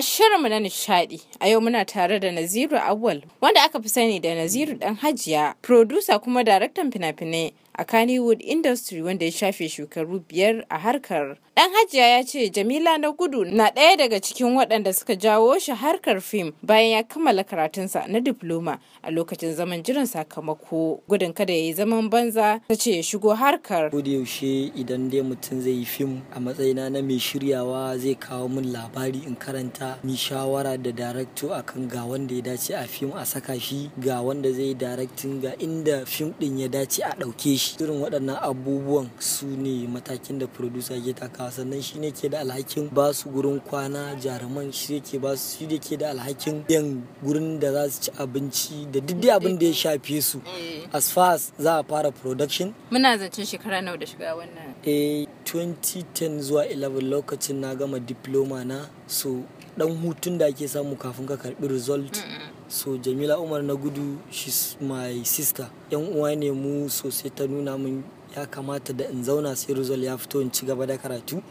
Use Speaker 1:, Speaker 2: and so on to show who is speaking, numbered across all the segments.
Speaker 1: A shirinmu na nishadi a yau muna tare da Naziru Awal wanda aka fi sani da Naziru dan Hajiya, producer kuma daraktan fina-finai a Kannywood Industry wanda ya shafe shekaru biyar a harkar. Dan Hajiya ya ce Jamila na gudu na ɗaya daga cikin waɗanda suka jawo shi harkar fim bayan ya kammala karatunsa na diploma a lokacin zaman jiran sakamako. Gudun kada ya yi zaman
Speaker 2: banza ta ce ya shigo harkar. Koda yaushe idan dai mutum zai yi fim a matsayina na mai shiryawa zai kawo min labari in karanta ni shawara da darakto akan ga wanda ya dace a fim a saka shi ga wanda zai daraktin ga inda fim ɗin ya dace a ɗauke shi. shi irin waɗannan abubuwan su ne matakin da producer ke takawa sannan shi ne ke da alhakin ba su gurin kwana jaruman shi ke ba su shi ke da alhakin yan gurin da za su ci abinci da duk abin da ya shafe su eh. as far as za a fara production
Speaker 1: muna zancen shekara nawa da shiga wannan
Speaker 2: eh 2010 zuwa 11 lokacin na gama diploma na so dan hutun da ake samu kafin ka karbi result so jamila umar na gudu she's my sister yan uwa ne mu sosai ta nuna min ya kamata da in zauna sai result ya fito in ci gaba da karatu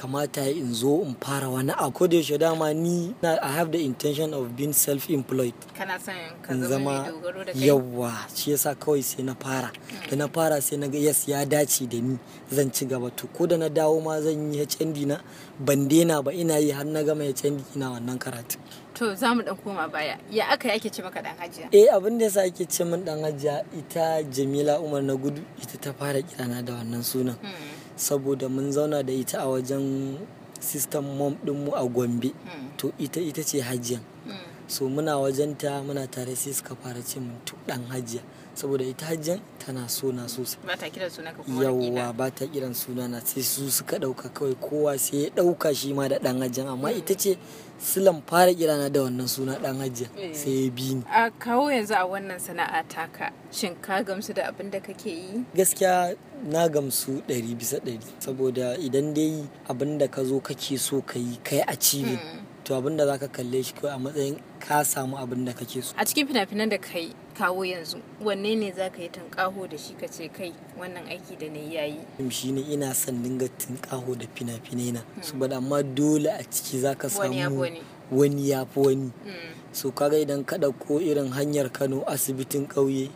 Speaker 2: kamata in zo in fara wani a ko da yaushe dama ni na I have the intention of being self employed
Speaker 1: kana son ka zama dogaro da kai yawa
Speaker 2: shi yasa kawai sai na fara da na fara sai na ga yes ya dace da ni zan ci gaba to ko da na dawo ma zan yi HND na ban daina ba ina yi har na gama HND ina wannan karatu
Speaker 1: to za mu dan koma baya ya aka yake ce maka dan hajiya
Speaker 2: eh abin da yasa ake ce min dan hajiya ita Jamila Umar na gudu ita ta fara kirana da wannan sunan hmm. saboda mun zauna da ita a wajen system mom dinmu a gombe mm. to ita ita ce hajiyan mm. so muna wajenta muna tare sai suka fara ce mun to hajiya saboda ita hajjan tana so na sosai
Speaker 1: ba ta kiran suna ka
Speaker 2: kuma yawwa ba ta kiran suna na sai su suka dauka kawai kowa sai ya dauka shi ma da dan hajjan amma hmm. ita ce silan fara kirana da wannan suna dan hajjan eh. sai ya bi ni
Speaker 1: a kawo yanzu a wannan sana'a taka shin ka gamsu da abin da kake yi
Speaker 2: gaskiya na gamsu ɗari bisa ɗari saboda idan dai abin da ka zo kake so ka yi kai a cibin hmm. to abin da zaka kalle shi kawai a matsayin ka samu abin da kake so
Speaker 1: a cikin fina-finan da kai kawo yanzu wanne ne zaka yi tunƙaho da shi ka ce kai wannan aiki da ne yayi
Speaker 2: shi ne ina son dinga tunƙaho da fina-finai na saboda amma dole a ciki zaka samu wani ya fi wani mm. so kaga idan ka ko irin hanyar kano asibitin ƙauye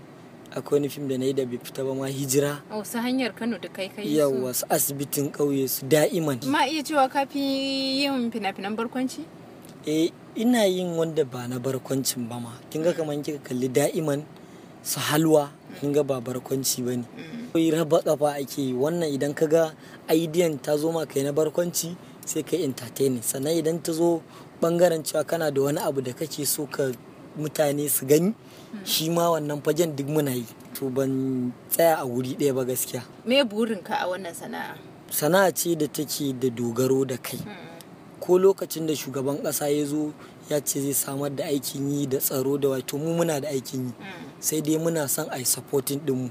Speaker 2: akwai wani fim da na yi da bai fita ba ma hijira.
Speaker 1: wasu oh, hanyar Kano da kai kai Yau
Speaker 2: wasu asibitin ƙauye su da'iman.
Speaker 1: Ma iya cewa ka fi yin fina-finan barkwanci?
Speaker 2: Eh ina yin wanda ba na barkwancin ba ma. Kin ga kamar kika kalli da'iman su halwa kin ga ba barkwanci ba ne. Koyi raba ƙafa ake yi wannan idan ka ga aidiyan ta zo ma kai na barkwanci sai kai entertain sannan idan ta zo bangaren cewa kana da wani abu da kake so ka mutane su gani shi ma wannan fagen duk muna yi. To ban tsaya a wuri ɗaya ba gaskiya.
Speaker 1: Me burinka a wannan sana'a?
Speaker 2: Sana'a ce da take da dogaro da kai. Hmm. ko lokacin da shugaban ƙasa ya zo ya ce zai samar da aikin yi da tsaro da wato mu muna da aikin yi mm. sai dai muna son a yi supporting ɗinmu mm.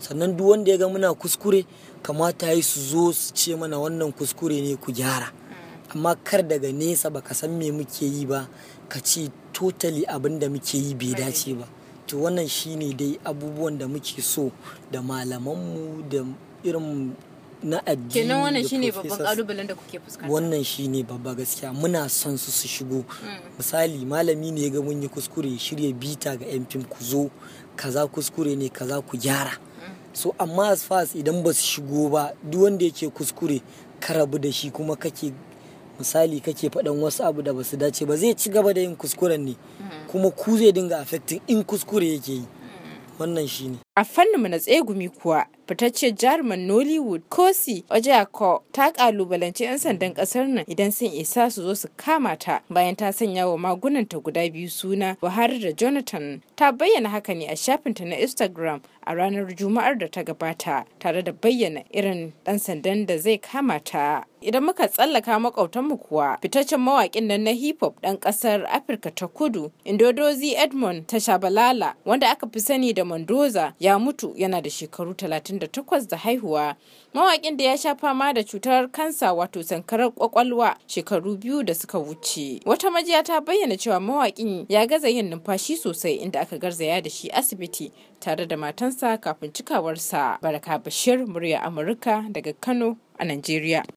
Speaker 2: sannan duk wanda ya ga muna kuskure kamata yi su zo su ce mana wannan kuskure ne ku gyara mm. amma kar daga nesa baka san me muke yi ba ka ce totally abin da muke yi bai dace ba to wannan shine dai abubuwan da muke so da malamanmu da irin na addini kenan wannan shine babban
Speaker 1: kalubalen da kuke fuskanta
Speaker 2: wannan shine babba gaskiya muna son su su shigo mm. misali malami ne ya ga mun yi kuskure shirya bita ga yan fim ku zo kaza kuskure ne kaza ku gyara mm. so amma as far idan ba su shigo ba duk wanda yake kuskure ka rabu da shi kuma kake misali kake faɗan wasu abu da ba su dace ba zai ci gaba da yin kuskuren ne mm. kuma ku zai dinga affecting in kuskure yake yi wannan shine A fannin mu na tsegumi kuwa, fitaccen jaruman Nollywood Kosi
Speaker 1: Ojiako ta kalubalanci 'yan sandan kasar nan idan sun isa su zo su kama ta bayan ta sanya wa magunanta guda biyu suna Buhari da Jonathan. Ta bayyana haka ne a shafinta na Instagram a ranar Juma'ar da ta gabata tare da bayyana irin ɗan sandan da zai kama ta. Idan muka tsallaka makwautanmu kuwa fitaccen mawaƙin nan na hip hop ɗan ƙasar Afirka ta Kudu Indodozi Edmond Tashabalala wanda aka fi sani da Mendoza ya mutu yana da shekaru 38 da haihuwa. Mawaƙin da ya sha fama da cutar kansa wato sankarar kwakwalwa shekaru biyu da suka wuce. Wata majiya ta bayyana cewa mawaƙin ya gaza yin numfashi sosai inda aka garzaya da shi asibiti tare da matansa kafin cikawarsa. Baraka Bashir, murya Amurka daga Kano a Najeriya.